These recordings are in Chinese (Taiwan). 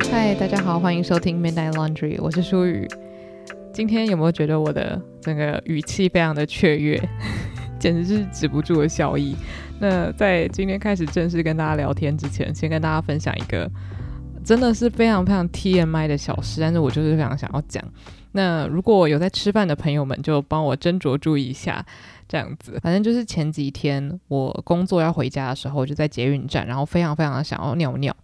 嗨，Hi, 大家好，歡迎收聽《Midnight Laundry》，我是舒雨。今天有沒有覺得我的整個語氣非常的雀躍，簡直是止不住的笑意？那在今天開始正式跟大家聊天之前，先跟大家分享一個。真的是非常非常 TMI 的小事，但是我就是非常想要講。那如果有在吃飯的朋友們，就幫我斟酌注意一下，這樣子。反正就是前幾天我工作要回家的時候，我就在捷運站，然後非常非常想要尿尿，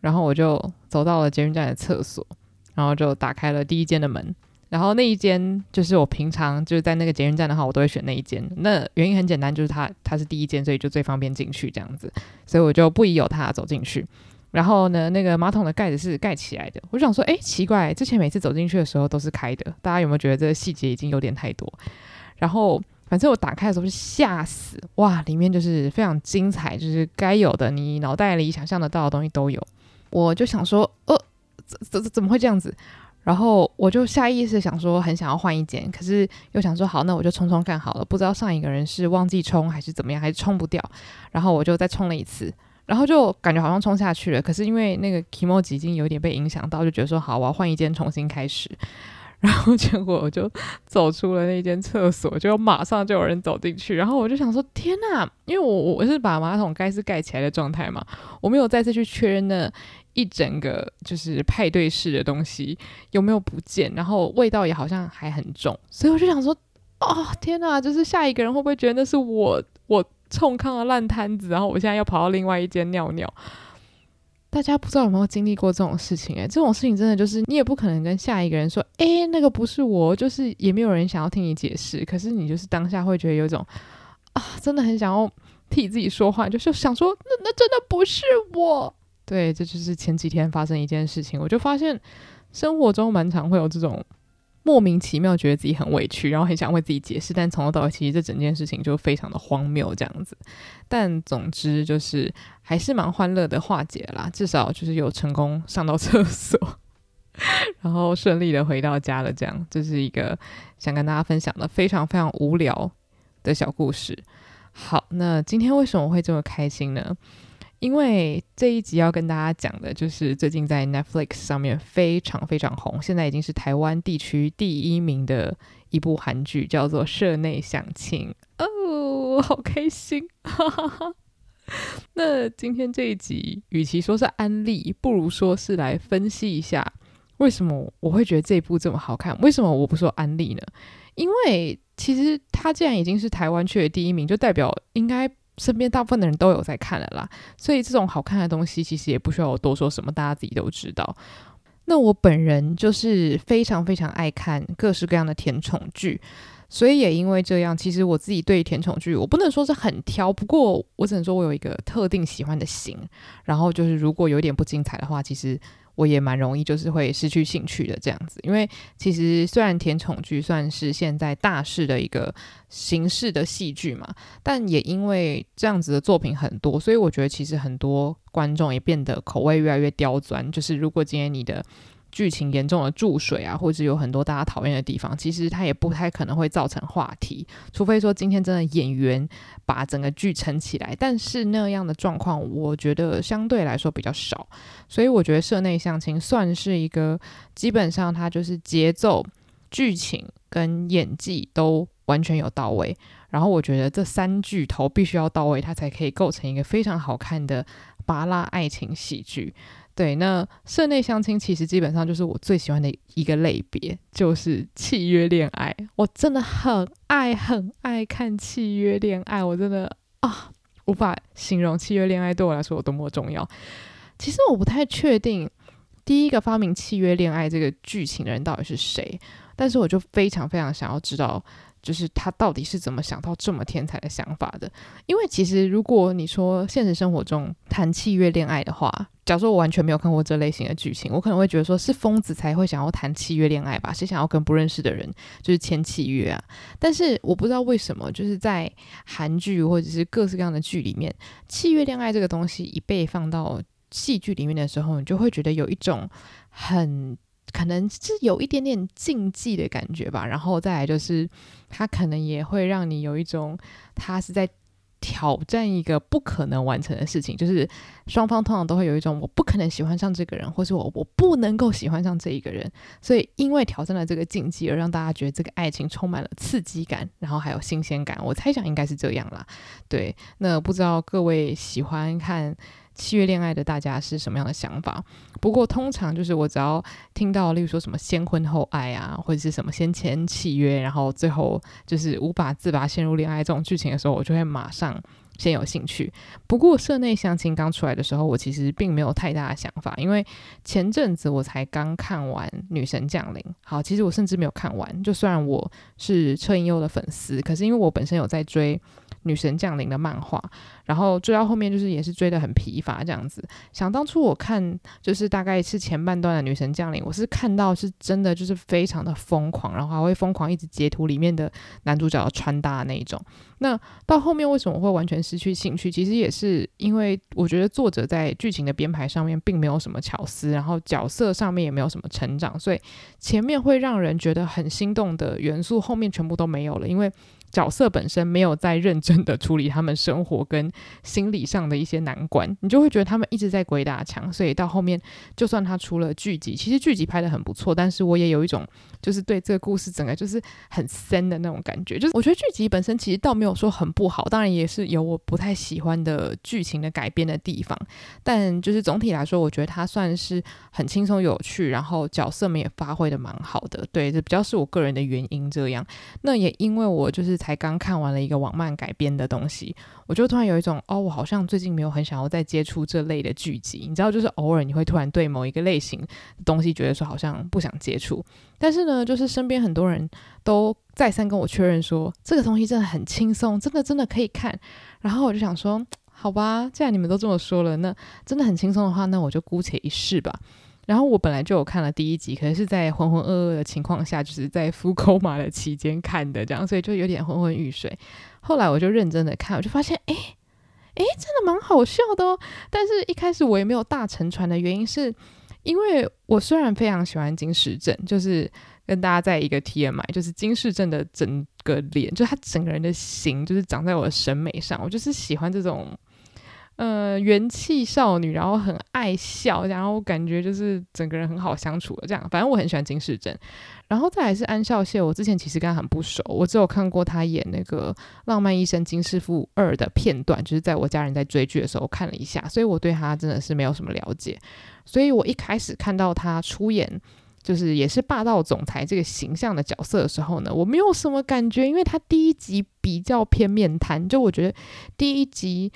然後我就走到了捷運站的廁所，然後就打開了第一間的門，然後那一間就是我平常就是在那個捷運站的話，我都會選那一間。那原因很簡單，就是它它是第一間，所以就最方便進去這樣子，所以我就不疑有他，走進去。然後呢，那個馬桶的蓋子是蓋起來的。我就想說，哎，奇怪，之前每次走進去的時候都是開的。大家有沒有覺得這個細節已經有點太多？然後，反正我打開的時候是嚇死，哇，裡面就是非常精彩，就是該有的，你腦袋裡想象得到的東西都有。我就想說，呃、哦，怎怎怎麼會這樣子？然後我就下意識想說，很想要換一間，可是又想說，好，那我就沖沖看好了。不知道上一個人是忘記沖還是怎麼樣，還是沖不掉，然後我就再沖了一次。然後就感覺好像沖下去了，可是因為那個 Kimoji 已經有點被影響到，就覺得說好，我要換一間重新開始。然後結果我就走出了那間廁所，就馬上就有人走進去。然後我就想說，天哪！因為我我是把馬桶蓋是蓋起來的狀態嘛，我沒有再次去確認那一整個就是派對式的東西有沒有不見，然後味道也好像還很重，所以我就想說，哦天哪！就是下一個人會不會覺得那是我？沖康的爛攤子，然後我現在又跑到另外一間尿尿。大家不知道有沒有經歷過這種事情？欸？哎，這種事情真的就是你也不可能跟下一個人說，哎、欸，那個不是我，就是也沒有人想要聽你解釋。可是你就是當下會覺得有一種啊，真的很想要替自己說話，就是想說，那那真的不是我。對，這就是前幾天發生一件事情，我就發現生活中蠻常會有這種。莫名其妙覺得自己很委屈，然後很想為自己解釋，但從頭到尾其實這整件事情就非常的荒謬這樣子。但總之就是還是蠻歡樂的化解了啦，至少就是有成功上到廁所，然後順利的回到家了。這樣，這是一個想跟大家分享的非常非常無聊的小故事。好，那今天為什麼我會這麼開心呢？因為這一集要跟大家講的，就是最近在 Netflix 上面非常非常紅，現在已經是台灣地區第一名的一部韓劇，叫做《社內相親》。哦，好開心！哈哈哈。那今天這一集，與其說是安利，不如說是來分析一下，為什麼我會覺得這一部這麼好看？為什麼我不說安利呢？因為其實它既然已經是台灣區的第一名，就代表應該。身邊大部分的人都有在看了啦，所以這種好看的東西其實也不需要我多說什麼，大家自己都知道。那我本人就是非常非常愛看各式各樣的甜寵劇，所以也因為這樣，其實我自己對甜寵劇我不能說是很挑，不過我只能說我有一個特定喜歡的型。然後就是如果有點不精彩的話，其實。我也蠻容易，就是會失去興趣的這樣子，因為其實雖然甜寵劇算是現在大勢的一個形式的戲劇嘛，但也因為這樣子的作品很多，所以我覺得其實很多觀眾也變得口味越來越刁鑽，就是如果今天你的。劇情嚴重的注水啊，或者有很多大家討厭的地方，其實它也不太可能會造成話題。除非說今天真的演員把整個劇撐起來，但是那樣的狀況，我覺得相對來說比較少。所以我覺得《社內相親》算是一個，基本上它就是節奏、劇情跟演技都完全有到位。然後我覺得這三巨頭必須要到位，它才可以構成一個非常好看的芭樂愛情喜劇。對，那社內相親其實基本上就是我最喜歡的一個類別，就是契約戀愛。我真的很愛很愛看契約戀愛，我真的啊，無法形容契約戀愛對我來說有多麼重要。其實我不太確定第一個發明契約戀愛這個劇情的人到底是誰，但是我就非常非常想要知道。就是他到底是怎麼想到這麼天才的想法的？因為其實如果你說現實生活中談契約戀愛的話，假如說我完全沒有看過這類型的劇情，我可能會覺得說，是瘋子才會想要談契約戀愛吧，是想要跟不認識的人就是簽契約啊。但是我不知道為什麼，就是在韓劇或者是各式各樣的劇裡面，契約戀愛這個東西一被放到戲劇裡面的時候，你就會覺得有一種很。可能是有一點點禁忌的感覺吧，然後再來就是，他可能也會讓你有一種他是在挑戰一個不可能完成的事情，就是雙方通常都會有一種我不可能喜歡上這個人，或是我我不能夠喜歡上這一個人，所以因為挑戰了這個禁忌，而讓大家覺得這個愛情充滿了刺激感，然後還有新鮮感，我猜想應該是這樣啦。對，那不知道各位喜歡看。契約戀愛的大家是什麼樣的想法？不過通常就是我只要聽到，例如說什麼先婚後愛啊，或者是什麼先簽契約，然後最後就是無法自拔陷入戀愛這種劇情的時候，我就會馬上先有興趣。不過社內相親剛出來的時候，我其實並沒有太大的想法，因為前陣子我才剛看完《女神降臨》，好，其實我甚至沒有看完。就雖然我是車銀優的粉絲，可是因為我本身有在追。女神降臨的漫畫，然後追到後面就是也是追得很疲乏這樣子。想當初我看就是大概是前半段的女神降臨，我是看到是真的就是非常的瘋狂，然後還會瘋狂一直截圖裡面的男主角的穿搭的那一種。那到後面為什麼我會完全失去興趣？其實也是因為我覺得作者在劇情的編排上面並沒有什麼巧思，然後角色上面也沒有什麼成長，所以前面會讓人覺得很心動的元素，後面全部都沒有了，因為。角色本身沒有在認真的處理他們生活跟心理上的一些難關，你就會覺得他們一直在鬼打牆。所以到後面，就算他出了劇集，其實劇集拍得很不錯，但是我也有一種就是對這個故事整個就是很深的那種感覺。就是我覺得劇集本身其實倒沒有說很不好，當然也是有我不太喜歡的劇情的改編的地方，但就是總體來說，我覺得他算是很輕鬆有趣，然後角色們也發揮得蠻好的。對，這比較是我個人的原因這樣。那也因為我就是。才剛看完了一個網漫改編的東西，我就突然有一種，哦，我好像最近沒有很想要再接觸這類的劇集。你知道，就是偶爾你會突然對某一個類型的東西覺得說好像不想接觸，但是呢，就是身邊很多人都再三跟我確認說這個東西真的很輕鬆，真的真的可以看。然後我就想說，好吧，既然你們都這麼說了，那真的很輕鬆的話，那我就姑且一試吧。然後我本來就有看了第一集，可能是在渾渾噩噩的情況下，就是在復工碼的期間看的，這樣，所以就有點昏昏欲睡。後來我就認真的看，我就發現，哎，哎，真的蠻好笑的哦。但是一開始我也沒有大沉船的原因是，因為我雖然非常喜歡金世正，就是跟大家在一個 TMI，就是金世正的整個臉，就他整個人的形，就是長在我的審美上，我就是喜歡這種。呃，元氣少女，然後很愛笑，然後感覺就是整個人很好相處的，這樣。反正我很喜歡金世正，然後再來是安孝燮。我之前其實跟他很不熟，我只有看過他演那個《浪漫醫生金師傅二》的片段，就是在我家人在追劇的時候看了一下，所以我對他真的是沒有什麼了解。所以我一開始看到他出演就是也是霸道總裁這個形象的角色的時候呢，我沒有什麼感覺，因為他第一集比較偏面癱，就我覺得第一集。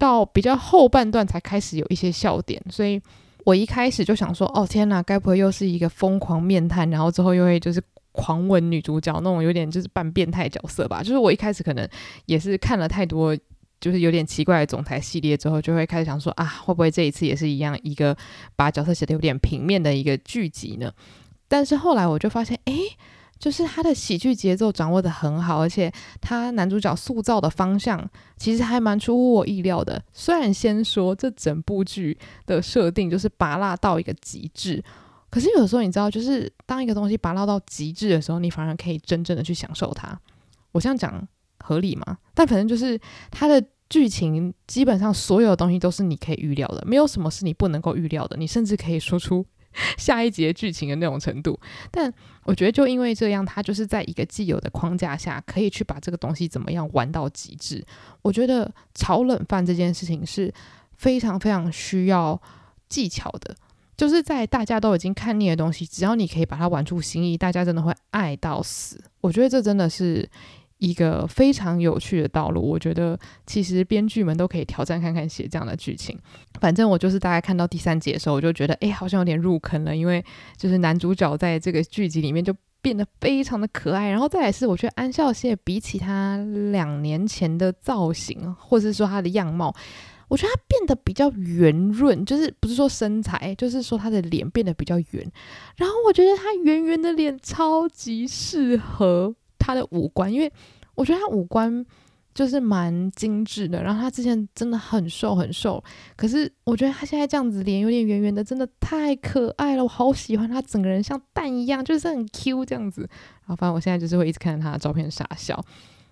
到比較後半段才開始有一些笑點，所以我一開始就想說：“哦天哪，該不會又是一個瘋狂面癱，然後之後又會就是狂吻女主角那種有點就是半變態角色吧？”就是我一開始可能也是看了太多就是有點奇怪的總裁系列之後，就會開始想說：“啊，會不會這一次也是一樣，一個把角色寫得有點平面的一個劇集呢？”但是後來我就發現，哎、欸。就是他的喜劇節奏掌握得很好，而且他男主角塑造的方向其實還蠻出乎我意料的。雖然先說這整部劇的設定就是芭樂到一個極致，可是有時候你知道，就是當一個東西芭樂到極致的時候，你反而可以真正的去享受它。我這樣講合理嗎？但反正就是他的劇情基本上所有的東西都是你可以預料的，沒有什麼是你不能夠預料的，你甚至可以說出。下一集劇情的那種程度，但我覺得就因為這樣，它就是在一個既有的框架下，可以去把這個東西怎麼樣玩到極致。我覺得炒冷飯這件事情是非常非常需要技巧的，就是在大家都已經看膩的東西，只要你可以把它玩出新意，大家真的會愛到死。我覺得這真的是。一個非常有趣的道路，我覺得其實編劇們都可以挑戰看看寫這樣的劇情。反正我就是大概看到第三集的時候，我就覺得，誒，好像有點入坑了，因為就是男主角在這個劇集裡面就變得非常的可愛。然後再來是，我覺得安孝燮比起他兩年前的造型，或者說他的樣貌，我覺得他變得比較圓潤，就是不是說身材，就是說他的臉變得比較圓。然後我覺得他圓圓的臉超級適合。.他的五官，因為我覺得他五官就是蠻精緻的，然後他之前真的很瘦很瘦，可是我覺得他現在這樣子臉有點圓圓的，真的太可愛了，我好喜歡他，整個人像蛋一樣，就是很 Q 這樣子。然後反正我現在就是會一直看著他的照片傻笑。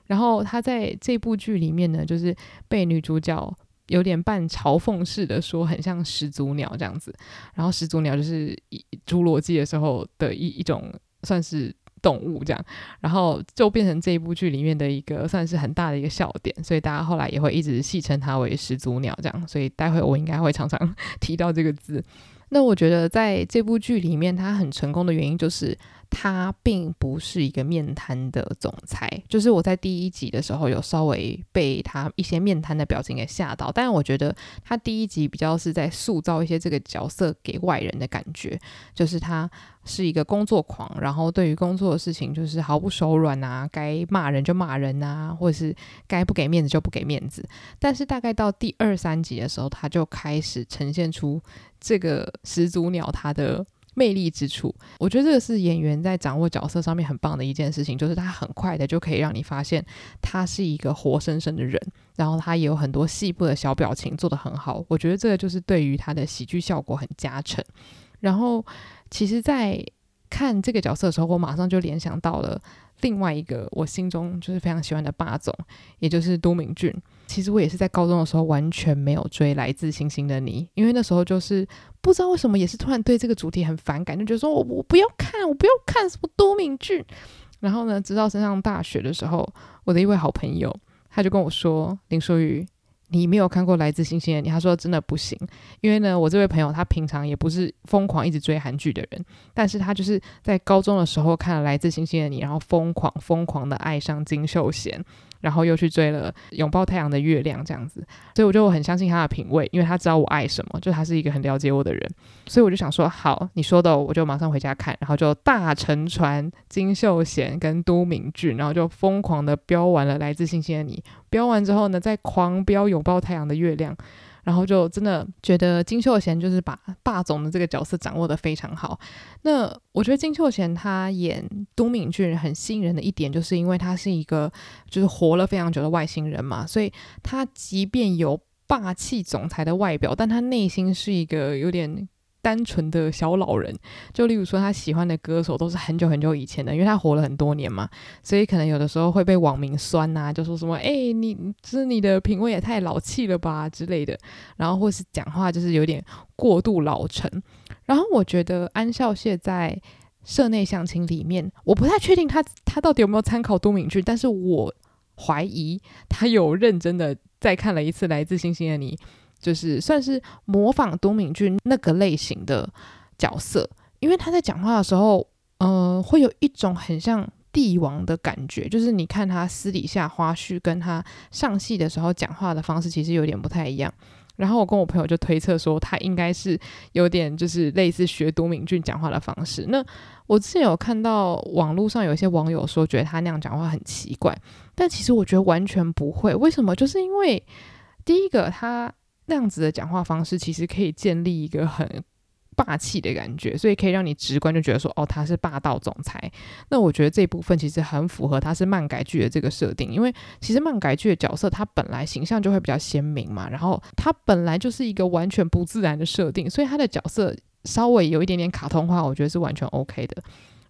然後他在這部劇裡面呢，就是被女主角有點半嘲諷式的說很像始祖鳥這樣子，然後始祖鳥就是一侏，侏羅紀的時候的一一種算是。動物這樣，然後就變成這一部劇裡面的一個算是很大的一個笑點，所以大家後來也會一直戲稱它為始祖鳥這樣，所以待會我應該會常常提到這個字。那我覺得在這部劇裡面它很成功的原因就是。他並不是一個面癱的總裁，就是我在第一集的時候有稍微被他一些面癱的表情給嚇到，但是我覺得他第一集比較是在塑造一些這個角色給外人的感覺，就是他是一個工作狂，然後對於工作的事情就是毫不手軟啊，該罵人就罵人啊，或者是該不給面子就不給面子。但是大概到第二三集的時候，他就開始呈現出這個始祖鳥他的。魅力之處，我覺得這個是演員在掌握角色上面很棒的一件事情，就是他很快的就可以讓你發現他是一個活生生的人，然後他也有很多細部的小表情做得很好，我覺得這個就是對於他的喜劇效果很加成。然後，其實，在看這個角色的時候，我馬上就聯想到了另外一個我心中就是非常喜歡的霸總，也就是都敏俊。其實我也是在高中的時候完全沒有追《來自星星的你》，因為那時候就是不知道為什麼，也是突然對這個主題很反感，就覺得說我我不要看，我不要看什麼都敏俊。然後呢，直到升上大學的時候，我的一位好朋友他就跟我說：“林淑雨，你沒有看過《來自星星的你》？”他說：“真的不行。”因為呢，我這位朋友他平常也不是瘋狂一直追韓劇的人，但是他就是在高中的時候看了《來自星星的你》，然後瘋狂瘋狂的愛上金秀賢。然後又去追了《擁抱太陽的月亮》這樣子，所以我就很相信他的品味，因為他知道我愛什麼，就他是一個很了解我的人，所以我就想說，好，你說的我就馬上回家看，然後就大乘船金秀賢跟都敏俊，然後就瘋狂的飆完了《來自星星的你》，飆完之後呢，再狂飆《擁抱太陽的月亮》。然後就真的覺得金秀賢就是把霸總的這個角色掌握得非常好。那我覺得金秀賢他演都敏俊很吸引人的一點，就是因為他是一個就是活了非常久的外星人嘛，所以他即便有霸氣總裁的外表，但他內心是一個有點。單純的小老人，就例如說他喜歡的歌手都是很久很久以前的，因為他活了很多年嘛，所以可能有的時候會被網民酸吶、啊，就說什麼“誒，你是你的品味也太老氣了吧”之類的，然後或是講話就是有點過度老成。然後我覺得安孝燮在社內相親裡面，我不太確定他他到底有沒有參考都敏俊，但是我懷疑他有認真的再看了一次《來自星星的你》。就是算是模仿都敏俊那個類型的角色，因為他在講話的時候，嗯、呃、會有一種很像帝王的感覺。就是你看他私底下花絮，跟他上戲的時候講話的方式，其實有點不太一樣。然後我跟我朋友就推測說，他應該是有點就是類似學都敏俊講話的方式。那我之前有看到網絡上有一些網友說，覺得他那樣講話很奇怪，但其實我覺得完全不會。為什麼？就是因為第一個他。那樣子的講話方式其實可以建立一個很霸氣的感覺，所以可以讓你直觀就覺得說，哦，他是霸道總裁。那我覺得這部分其實很符合他是漫改劇的這個設定，因為其實漫改劇的角色他本來形象就會比較鮮明嘛，然後他本來就是一個完全不自然的設定，所以他的角色稍微有一點點卡通化，我覺得是完全 OK 的。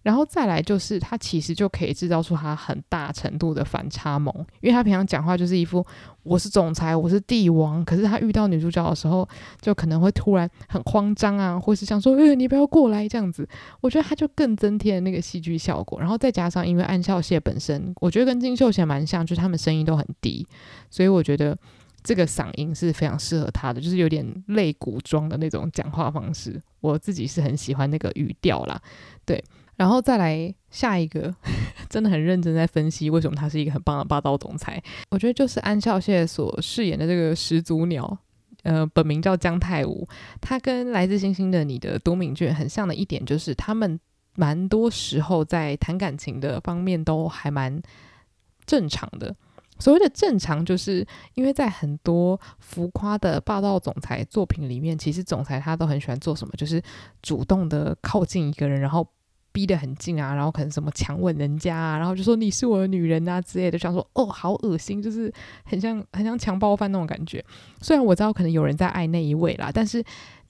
然後再來就是，他其實就可以製造出他很大程度的反差萌，因為他平常講話就是一副我是總裁，我是帝王，可是他遇到女主角的時候，就可能會突然很慌張啊，或是想說，呃、欸，你不要過來這樣子。我覺得他就更增添了那個戲劇效果。然後再加上，因為安孝燮本身，我覺得跟金秀賢蠻像，就是他們聲音都很低，所以我覺得這個嗓音是非常適合他的，就是有點類古裝的那種講話方式。我自己是很喜歡那個語調啦，對。然後再來下一個呵呵，真的很認真在分析為什麼他是一個很棒的霸道總裁。我覺得就是安孝燮所飾演的這個始祖鳥，呃，本名叫姜泰武，他跟《來自星星的你》的都敏俊很像的一點就是，他們蠻多時候在談感情的方面都還蠻正常的。所謂的正常，就是因為在很多浮誇的霸道總裁作品裡面，其實總裁他都很喜歡做什麼，就是主動的靠近一個人，然後。逼得很近啊，然後可能什麼強吻人家啊，然後就說你是我的女人啊之類的，想說哦，好惡心，就是很像很像強暴犯那種感覺。雖然我知道可能有人在愛那一位啦，但是。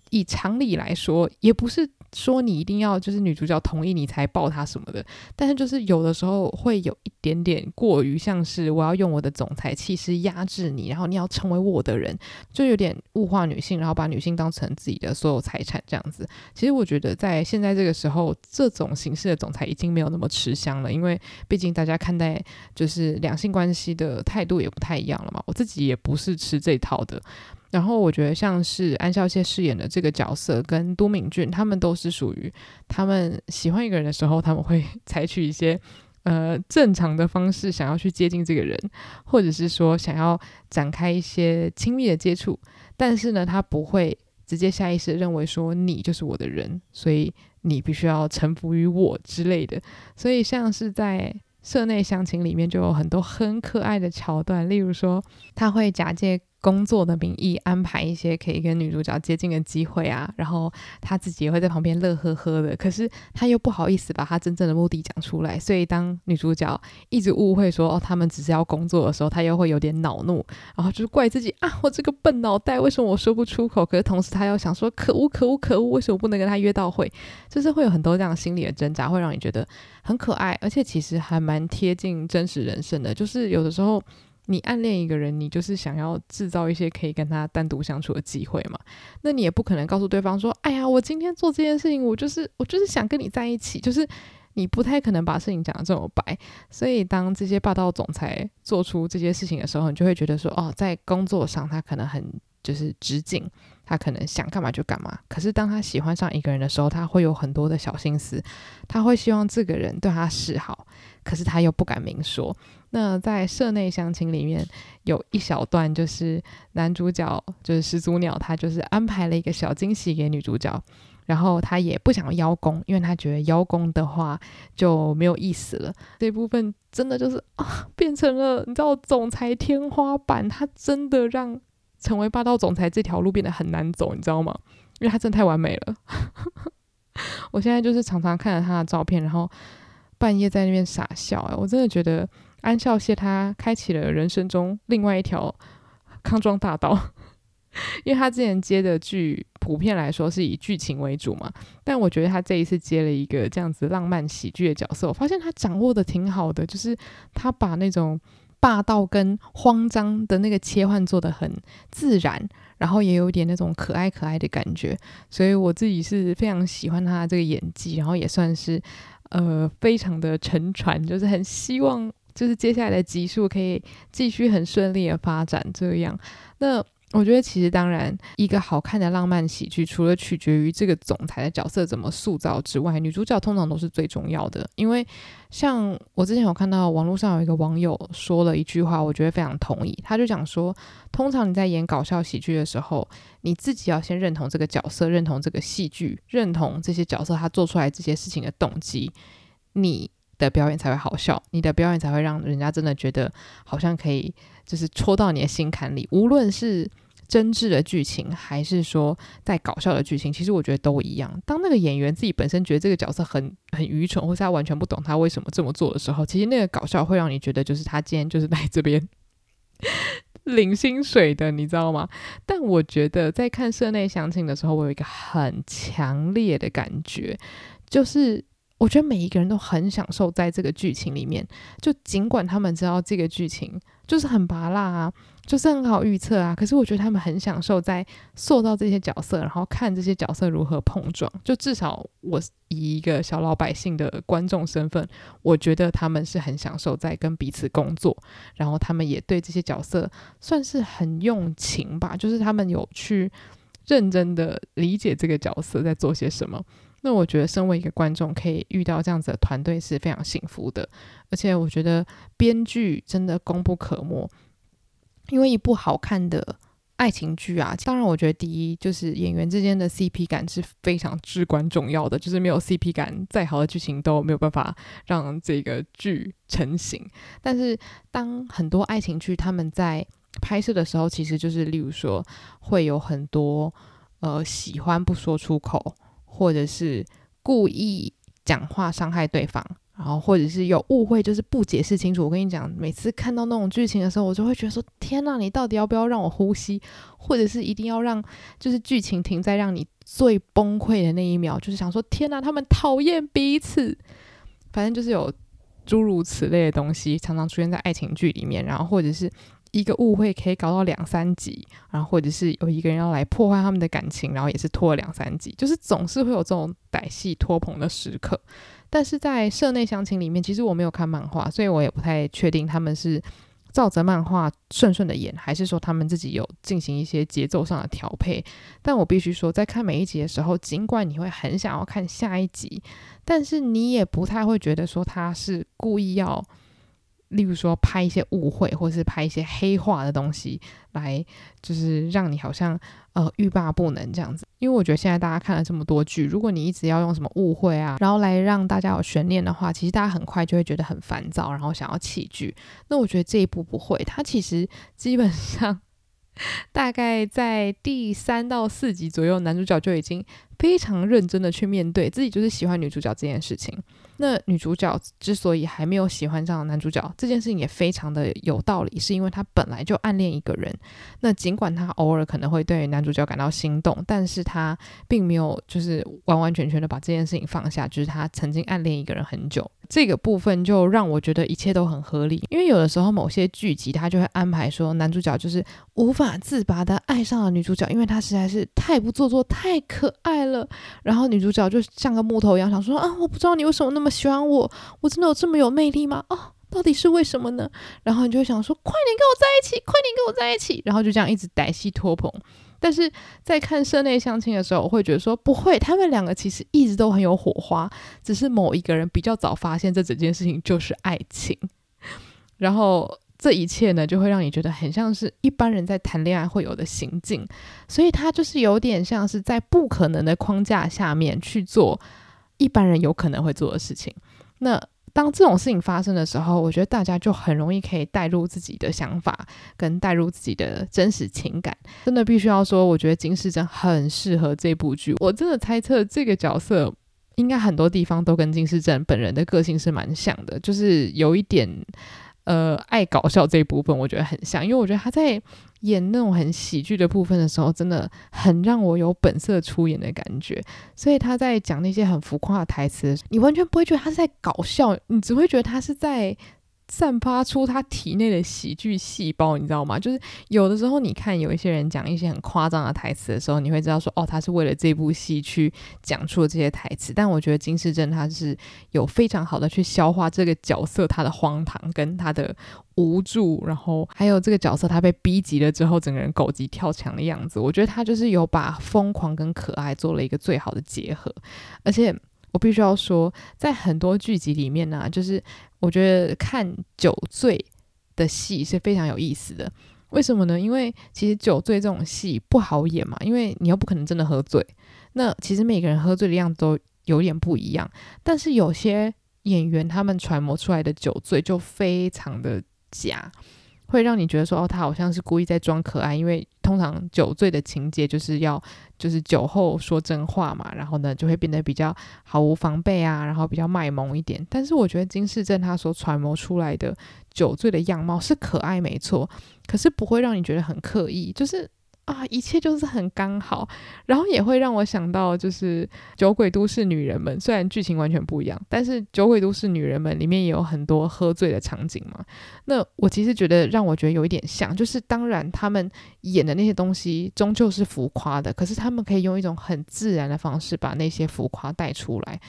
以常理來說，也不是說你一定要就是女主角同意你才抱她什麼的，但是就是有的時候會有一點點過於像是我要用我的總裁氣勢壓制你，然後你要成為我的人，就有點物化女性，然後把女性當成自己的所有財產這樣子。其實我覺得在現在這個時候，這種形式的總裁已經沒有那麼吃香了，因為畢竟大家看待就是兩性關係的態度也不太一樣了嘛。我自己也不是吃這套的。然後我覺得像是安孝燮飾演的這個角色，跟都敏俊他們都是屬於他們喜歡一個人的時候，他們會採取一些呃正常的方式想要去接近這個人，或者是說想要展開一些親密的接觸。但是呢，他不會直接下意識認為說你就是我的人，所以你必須要臣服於我之類的。所以像是在《社內相親》裡面就有很多很可愛的橋段，例如說他會假借。工作的名義安排一些可以跟女主角接近的機會啊，然後他自己也會在旁邊樂呵呵的，可是他又不好意思把他真正的目的講出來，所以當女主角一直誤會說哦，他們只是要工作的時候，他又會有點惱怒，然後就是怪自己啊，我這個笨腦袋，為什麼我說不出口，可是同時他又想說可惡可惡可惡，為什麼不能跟他約到會，就是會有很多這樣心理的掙扎，會讓你覺得很可愛，而且其實還蠻貼近真實人生的，就是有的時候。你暗戀一個人，你就是想要制造一些可以跟他單獨相處的機會嘛？那你也不可能告訴對方說：“哎呀，我今天做這件事情，我就是我就是想跟你在一起。”就是你不太可能把事情講得這麼白。所以當這些霸道總裁做出這些事情的時候，你就會覺得說：“哦，在工作上他可能很就是直接，他可能想幹嘛就幹嘛。可是當他喜歡上一個人的時候，他會有很多的小心思，他會希望這個人對他示好。”可是他又不敢明說。那在社內相親裡面，有一小段就是男主角就是始祖鳥，他就是安排了一個小驚喜給女主角，然後他也不想邀功，因為他覺得邀功的話就沒有意思了。這部分真的就是、啊、變成了你知道，總裁天花板，他真的讓成為霸道總裁這條路變得很難走，你知道嗎？因為他真的太完美了。 我現在就是常常看着他的照片，然後。半夜在那邊傻笑，哎、欸，我真的覺得安孝燮他開啟了人生中另外一條康莊大道， 因為他之前接的劇普遍來說是以劇情為主嘛，但我覺得他這一次接了一個這樣子浪漫喜劇的角色，我發現他掌握的挺好的，就是他把那種霸道跟慌張的那個切換做得很自然，然後也有點那種可愛可愛的感覺，所以我自己是非常喜歡他這個演技，然後也算是。呃，非常的沉船，就是很希望，就是接下來的集數可以繼續很順利的發展這樣。那我覺得，其實當然，一個好看的浪漫喜劇，除了取決於這個總裁的角色怎麼塑造之外，女主角通常都是最重要的，因為。像我之前有看到網絡上有一個網友說了一句話，我覺得非常同意。他就講說，通常你在演搞笑喜劇的時候，你自己要先認同這個角色，認同這個戲劇，認同這些角色他做出來這些事情的動機，你的表演才會好笑，你的表演才會讓人家真的覺得好像可以，就是戳到你的心坎裡，無論是。真摯的劇情，還是說帶搞笑的劇情？其實我覺得都一樣。當那個演員自己本身覺得這個角色很很愚蠢，或是他完全不懂他為什麼這麼做的時候，其實那個搞笑會讓你覺得，就是他今天就是來這邊 領薪水的，你知道嗎？但我覺得在看社內相親的時候，我有一個很強烈的感覺，就是。我覺得每一個人都很享受在這個劇情裡面，就儘管他們知道這個劇情就是很芭樂啊，就是很好預測啊，可是我覺得他們很享受在塑造這些角色，然後看這些角色如何碰撞。就至少我以一個小老百姓的觀眾身份，我覺得他們是很享受在跟彼此工作，然後他們也對這些角色算是很用情吧，就是他們有去認真的理解這個角色在做些什麼。那我覺得，身為一個觀眾，可以遇到這樣子的團隊是非常幸福的。而且，我覺得編劇真的功不可沒，因為一部好看的愛情劇啊，當然，我覺得第一就是演員之間的 CP 感是非常至關重要的，就是沒有 CP 感，再好的劇情都沒有辦法讓這個劇成型。但是，當很多愛情劇他們在拍攝的時候，其實就是例如說，會有很多呃喜歡不說出口。或者是故意講話傷害對方，然後或者是有誤會，就是不解釋清楚。我跟你講，每次看到那種劇情的時候，我就會覺得說：天哪，你到底要不要讓我呼吸？或者是一定要讓，就是劇情停在讓你最崩潰的那一秒，就是想說：天哪，他們討厭彼此。反正就是有諸如此類的東西，常常出現在愛情劇裡面，然後或者是……一個誤會可以搞到兩三集，然後、啊、或者是有一個人要來破壞他們的感情，然後也是拖了兩三集，就是總是會有這種歹戲拖棚的時刻。但是在社內相親裡面，其實我沒有看漫畫，所以我也不太確定他們是照着漫畫順順的演，還是說他們自己有進行一些節奏上的調配。但我必須說，在看每一集的時候，儘管你會很想要看下一集，但是你也不太會覺得說他是故意要。例如說拍一些誤會，或是拍一些黑化的東西，來就是讓你好像呃欲罷不能這樣子。因為我覺得現在大家看了這麼多劇，如果你一直要用什麼誤會啊，然後來讓大家有懸念的話，其實大家很快就會覺得很煩躁，然後想要棄劇。那我覺得這一部不會，它其實基本上。大概在第三到四集左右，男主角就已經非常認真的去面對自己就是喜歡女主角這件事情。那女主角之所以還沒有喜歡上男主角這件事情，也非常的有道理，是因為她本來就暗戀一個人。那儘管她偶爾可能會對男主角感到心動，但是她並沒有就是完完全全的把這件事情放下，就是她曾經暗戀一個人很久。這個部分就讓我覺得一切都很合理，因為有的時候某些劇集它就會安排說男主角就是無法自拔的愛上了女主角，因為他實在是太不做作、太可愛了。然後女主角就像個木頭一樣想說：“啊，我不知道你為什麼那麼喜歡我，我真的有這麼有魅力嗎？啊、哦，到底是為什麼呢？”然後你就會想說：“快點跟我在一起，快點跟我在一起。”然後就這樣一直歹戲拖棚。但是在看社內相親的時候，我會覺得說，不會，他們兩個其實一直都很有火花，只是某一個人比較早發現這整件事情就是愛情，然後這一切呢就會讓你覺得很像是一般人在談戀愛會有的行徑。所以他就是有點像是在不可能的框架下面去做一般人有可能會做的事情，那。當這種事情發生的時候，我覺得大家就很容易可以代入自己的想法，跟代入自己的真實情感。真的必須要說，我覺得金世正很適合這部劇。我真的猜測這個角色應該很多地方都跟金世正本人的個性是蠻像的，就是有一點，呃，愛搞笑這一部分我覺得很像，因為我覺得他在演那種很喜劇的部分的時候，真的很讓我有本色出演的感覺。所以他在講那些很浮誇的台詞，你完全不會覺得他是在搞笑，你只會覺得他是在。散發出他體內的喜劇細胞，你知道嗎？就是有的時候，你看有一些人講一些很誇張的台詞的時候，你會知道說，哦，他是為了這部戲去講出了這些台詞。但我覺得金世正他是有非常好的去消化這個角色，他的荒唐跟他的無助，然後還有這個角色他被逼急了之後，整個人狗急跳牆的樣子，我覺得他就是有把瘋狂跟可愛做了一個最好的結合，而且。我必須要說，在很多劇集裡面呢、啊，就是我覺得看酒醉的戲是非常有意思的。為什麼呢？因為其實酒醉這種戲不好演嘛，因為你又不可能真的喝醉。那其實每個人喝醉的樣子都有點不一樣，但是有些演員他們揣摩出來的酒醉就非常的假。會讓你覺得說，哦，他好像是故意在裝可愛，因為通常酒醉的情節就是要就是酒後說真話嘛，然後呢就會變得比較毫無防備啊，然後比較賣萌一點。但是我覺得金世正他所揣摩出來的酒醉的樣貌是可愛沒錯，可是不會讓你覺得很刻意，就是。啊，一切就是很剛好，然後也會讓我想到，就是《酒鬼都市女人們》，雖然劇情完全不一樣，但是《酒鬼都市女人們》裡面也有很多喝醉的場景嘛。那我其實覺得，讓我覺得有一點像，就是當然他們演的那些東西終究是浮誇的，可是他們可以用一種很自然的方式把那些浮誇帶出來。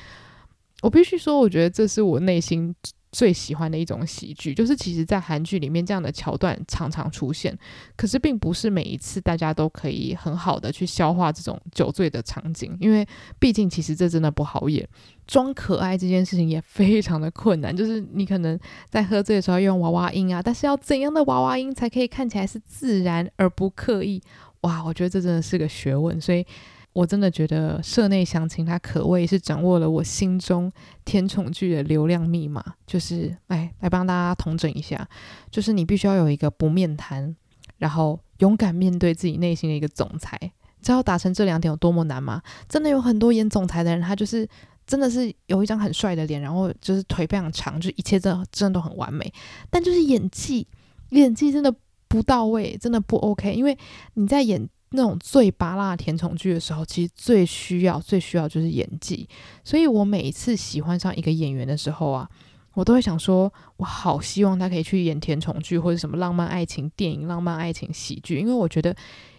我必須說，我覺得這是我內心。最喜歡的一種喜劇，就是其實，在韓劇裡面這樣的橋段常常出現，可是並不是每一次大家都可以很好的去消化這種酒醉的場景，因為畢竟其實這真的不好演，裝可愛這件事情也非常的困難。就是你可能在喝醉的時候要用娃娃音啊，但是要怎樣的娃娃音才可以看起來是自然而不刻意？哇，我覺得這真的是個學問，所以。我真的覺得社內相親，他可謂是掌握了我心中甜寵劇的流量密碼。就是，哎，來幫大家統整一下，就是你必須要有一個不面談，然後勇敢面對自己內心的一個總裁。知道達成這兩點有多麼難嗎？真的有很多演總裁的人，他就是真的是有一張很帥的臉，然後就是腿非常長，就一切真的真的都很完美，但就是演技，演技真的不到位，真的不 OK。因為你在演。那種最芭樂甜寵劇的時候，其實最需要、最需要就是演技。所以我每一次喜歡上一個演員的時候啊，我都會想說，我好希望他可以去演甜寵劇或者什麼浪漫愛情電影、浪漫愛情喜劇。因為我覺得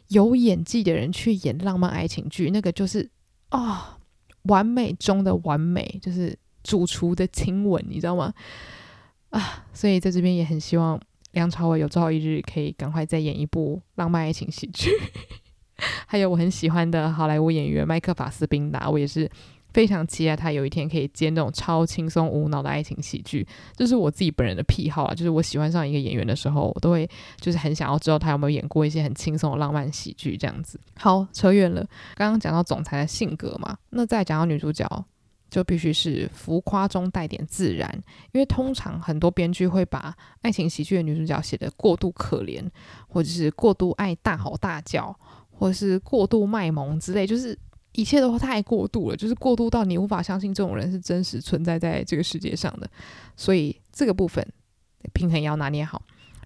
有演技的人去演浪漫愛情劇，那個就是啊、哦，完美中的完美，就是主廚的親吻，你知道嗎？啊，所以在這邊也很希望梁朝偉有朝一日可以趕快再演一部浪漫愛情喜劇。還有我很喜歡的好萊塢演員麥克法斯賓達，我也是非常期待他有一天可以接那種超輕鬆無腦的愛情喜劇。這是我自己本人的癖好啊，就是我喜歡上一個演員的時候，我都會就是很想要知道他有沒有演過一些很輕鬆的浪漫喜劇這樣子。好，扯遠了。剛剛講到總裁的性格嘛，那再講到女主角就必須是浮誇中帶點自然，因為通常很多編劇會把愛情喜劇的女主角寫得過度可憐，或者是過度愛大吼大叫。或是過度賣萌之類，就是一切都太過度了，就是過度到你無法相信這種人是真實存在在這個世界上的，所以這個部分平衡要拿捏好。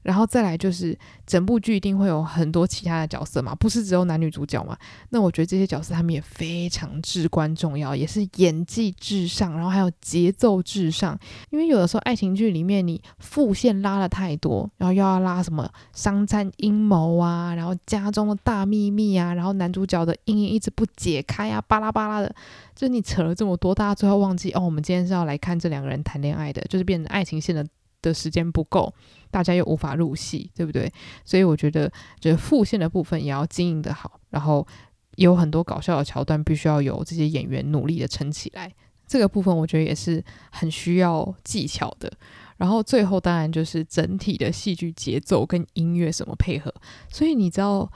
然後再來就是，整部劇一定會有很多其他的角色嘛，不是只有男女主角嘛？那我覺得這些角色他們也非常至關重要，也是演技至上，然後還有節奏至上。因為有的時候愛情劇裡面你副線拉了太多，然後又要拉什麼商戰陰謀啊，然後家中的大秘密啊，然後男主角的陰影一直不解開啊，巴拉巴拉的，就你扯了這麼多，大家最後忘記哦，我們今天是要來看這兩個人談戀愛的，就是變成愛情線的。的時間不夠，大家又無法入戲，對不對？所以我覺得，就是副線的部分也要經營得好，然後有很多搞笑的橋段，必須要有這些演員努力的撐起來。這個部分我覺得也是很需要技巧的。然後最後當然就是整體的戲劇節奏跟音樂什麼配合。所以你知道，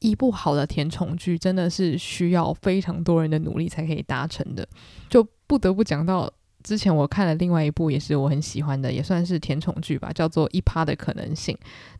一部好的甜寵劇真的是需要非常多人的努力才可以達成的，就不得不講到。之前我看了另外一部，也是我很喜歡的，也算是甜寵劇吧，叫做《一趴的可能性》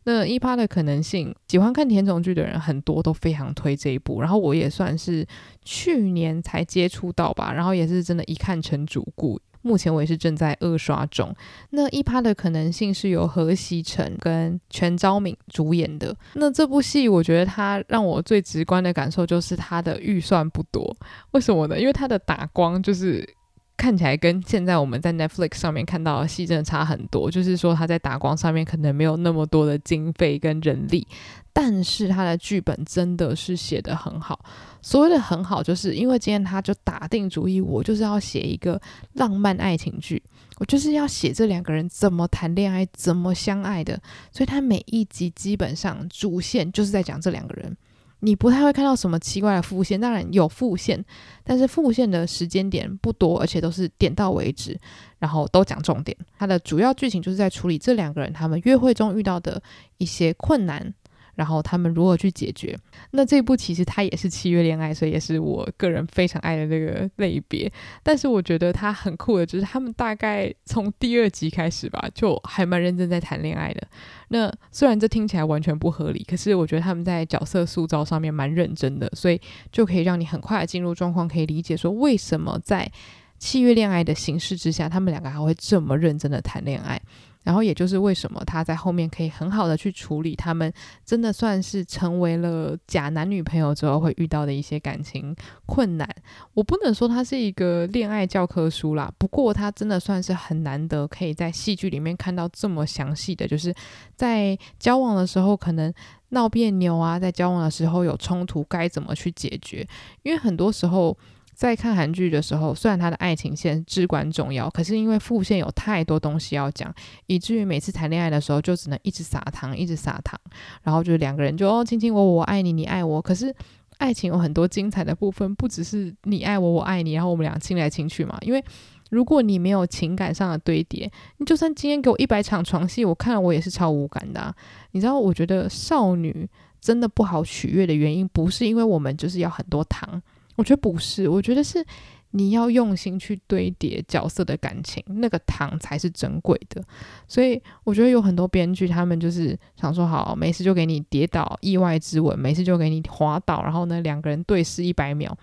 那。那一趴的可能性，喜歡看甜寵劇的人很多都非常推這一部，然後我也算是去年才接觸到吧，然後也是真的一看成主顧。目前我也是正在二刷中。那一趴的可能性是由何西成跟全昭敏主演的。那這部戲，我覺得它讓我最直觀的感受就是它的預算不多。為什麼呢？因為它的打光就是。看起來跟現在我們在 Netflix 上面看到的戲真的差很多，就是說他在打光上面可能沒有那麼多的經費跟人力，但是他的劇本真的是寫得很好。所謂的很好，就是因為今天他就打定主意，我就是要寫一個浪漫愛情劇，我就是要寫這兩個人怎麼談戀愛，怎麼相愛的，所以他每一集基本上主線就是在講這兩個人。你不太會看到什麼奇怪的副線。當然有副線，但是副線的時間點不多，而且都是點到為止，然後都講重點。它的主要劇情就是在處理這兩個人他們約會中遇到的一些困難。然後他們如何去解決？那這一部其實它也是契約戀愛，所以也是我個人非常愛的那個類別。但是我覺得它很酷的就是，他們大概從第二集開始吧，就還蠻認真在談戀愛的。那雖然這聽起來完全不合理，可是我覺得他們在角色塑造上面蠻認真的，所以就可以讓你很快的進入狀況，可以理解說為什麼在契約戀愛的形式之下，他們兩個還會這麼認真的談戀愛。然後也就是為什麼他在後面可以很好的去處理他們，真的算是成為了假男女朋友之後會遇到的一些感情困難。我不能說他是一個戀愛教科書啦，不過他真的算是很難得可以在戲劇裡面看到這麼詳細的，就是在交往的時候可能鬧彆扭啊，在交往的時候有衝突該怎麼去解決，因為很多時候。在看韓劇的時候，雖然他的愛情線至關重要，可是因為副線有太多東西要講，以至於每次談戀愛的時候就只能一直撒糖，一直撒糖，然後就是兩個人就哦親親我我，我愛你，你愛我。可是愛情有很多精彩的部分，不只是你愛我，我愛你，然後我們倆親來親去嘛。因為如果你沒有情感上的堆疊，你就算今天給我一百場床戲，我看了我也是超無感的啊。你知道，我覺得少女真的不好取悅的原因，不是因為我們就是要很多糖。我覺得不是，我覺得是你要用心去堆疊角色的感情，那個糖才是珍貴的。所以我覺得有很多編劇，他們就是想說，好，沒事就給你跌倒意外之吻，沒事就給你滑倒，然後呢，兩個人對視一百秒，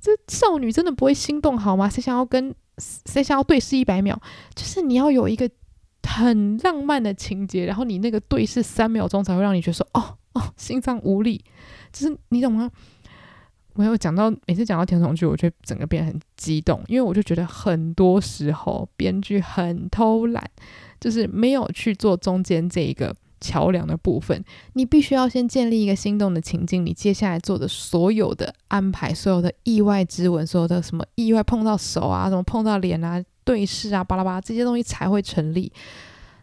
這少女真的不會心動好嗎？誰想要跟誰想要對視一百秒？就是你要有一個很浪漫的情節，然後你那個對視三秒鐘才會讓你覺得說哦哦，心臟無力，就是你懂嗎？我有講到，每次講到甜寵劇，我就整個變得很激動，因為我就覺得很多時候編劇很偷懶，就是沒有去做中間這一個橋樑的部分。你必須要先建立一個心動的情境，你接下來做的所有的安排，所有的意外之吻，所有的什麼意外碰到手啊，什麼碰到臉啊，對視啊，巴拉巴拉這些東西才會成立。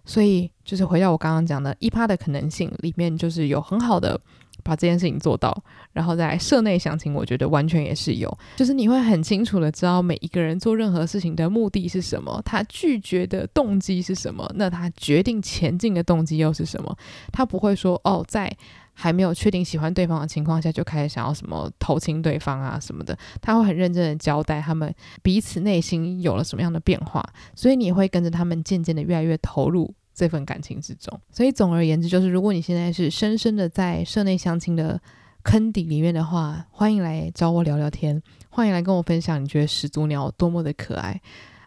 所以，就是回到我剛剛講的一趴的可能性裡面，就是有很好的。把這件事情做到，然後在社內相親，我覺得完全也是有，就是你會很清楚的知道每一個人做任何事情的目的是什麼，他拒絕的動機是什麼，那他決定前進的動機又是什麼？他不會說哦，在還沒有確定喜歡對方的情況下就開始想要什麼偷親對方啊什麼的，他會很認真的交代他們彼此內心有了什麼樣的變化，所以你會跟着他們漸漸的越來越投入。這份感情之中，所以總而言之就是，如果你現在是深深的在社內相親的坑底裡面的話，歡迎來找我聊聊天，歡迎來跟我分享你覺得始祖鳥多麼的可愛。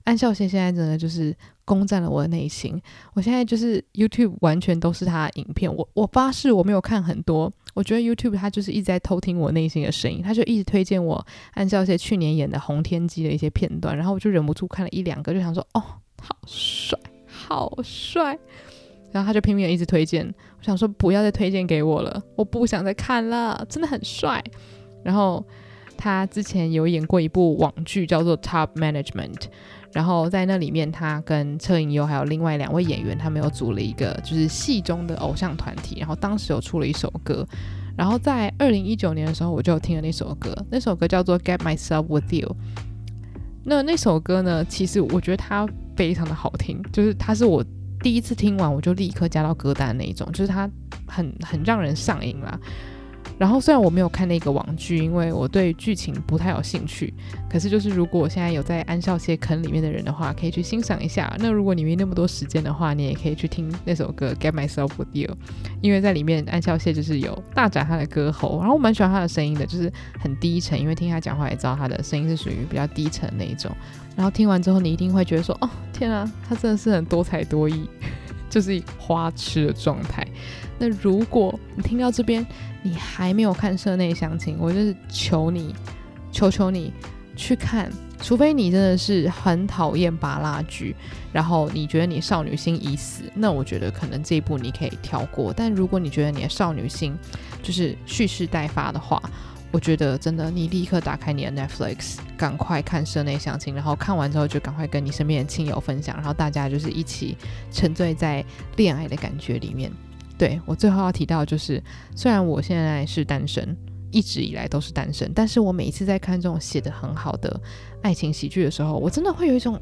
安孝燮現在真的就是攻佔了我的內心，我現在就是 YouTube 完全都是他的影片，我我發誓我沒有看很多，我覺得 YouTube 他就是一直在偷聽我內心的聲音，他就一直推薦我安孝燮去年演的《紅天機》的一些片段，然後我就忍不住看了一兩個，就想說哦，好帥。好帥，然後他就拼命一直推薦，我想說不要再推薦給我了，我不想再看了，真的很帥。然後他之前有演過一部網劇叫做《Top Management》，然後在那裡面他跟車銀優還有另外兩位演員，他們又組了一個就是戲中的偶像團體，然後當時有出了一首歌，然後在二零一九年的時候我就聽了那首歌，那首歌叫做《Get Myself With You》。那那首歌呢，其實我覺得他。非常的好聽，就是它是我第一次聽完我就立刻加到歌單的那一種，就是它很很讓人上癮啦。然後雖然我沒有看那個網劇，因為我對劇情不太有興趣，可是就是如果我現在有在安孝燮坑裡面的人的話，可以去欣賞一下。那如果你沒那麼多時間的話，你也可以去聽那首歌《Get Myself With You》，因為在裡面安孝燮就是有大展他的歌喉，然後我蠻喜歡他的聲音的，就是很低沉，因為聽他講話也知道他的聲音是屬於比較低沉的那一種。然後聽完之後，你一定會覺得說：“哦，天啊，他真的是很多才多藝，就是花痴的狀態。”那如果你聽到這邊，你還沒有看《社內相親》，我就是求你，求求你去看。除非你真的是很討厭芭樂劇，然後你覺得你少女心已死，那我覺得可能這一部你可以跳過。但如果你覺得你的少女心就是蓄勢待發的話，我覺得真的，你立刻打開你的 Netflix，趕快看《社內相親》，然後看完之後就趕快跟你身邊的親友分享，然後大家就是一起沉醉在戀愛的感覺裡面。對，我最後要提到就是，雖然我現在是單身，一直以來都是單身，但是我每一次在看這種寫得很好的愛情喜劇的時候，我真的會有一種，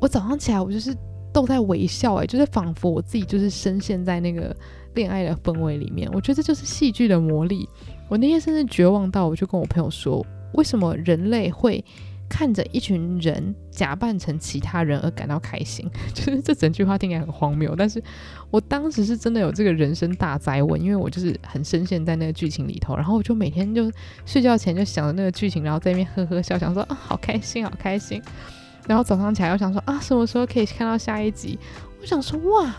我早上起來我就是都在微笑、欸，誒，就是仿佛我自己就是深陷在那個戀愛的氛圍裡面。我覺得這就是戲劇的魔力。我那天甚至絕望到，我就跟我朋友說：“為什麼人類會看着一群人假扮成其他人而感到開心？”就是這整句話聽起來很荒謬，但是我當時是真的有這個人生大哉問，因為我就是很深陷在那個劇情裡頭，然後我就每天就睡覺前就想着那個劇情，然後在那邊呵呵笑，想說啊、哦、好開心，好開心。然後早上起來又想說啊，什麼時候可以看到下一集？我想說哇，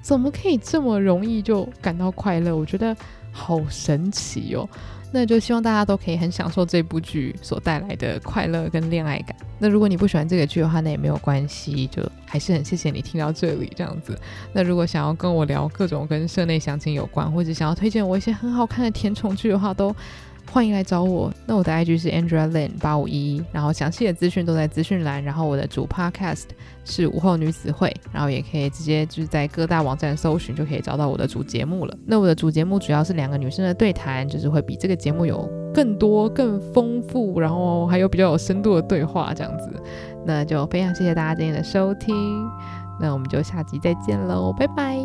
怎麼可以這麼容易就感到快樂？我覺得。好神奇哦，那就希望大家都可以很享受這部劇所帶來的快樂跟戀愛感。那如果你不喜歡這個劇的話，那也沒有關係，就還是很謝謝你聽到這裡這樣子。那如果想要跟我聊各種跟社內相親有關，或者想要推薦我一些很好看的甜寵劇的話，都。歡迎來找我。那我的 IG 是 Andrea Lin 八五一一，然後詳細的資訊都在資訊欄。然後我的主 Podcast 是午後女子會，然後也可以直接就是在各大網站搜尋就可以找到我的主節目了。那我的主節目主要是兩個女生的對談，就是會比這個節目有更多、更豐富，然後還有比較有深度的對話這樣子。那就非常謝謝大家今天的收聽，那我們就下集再見嘍，拜拜。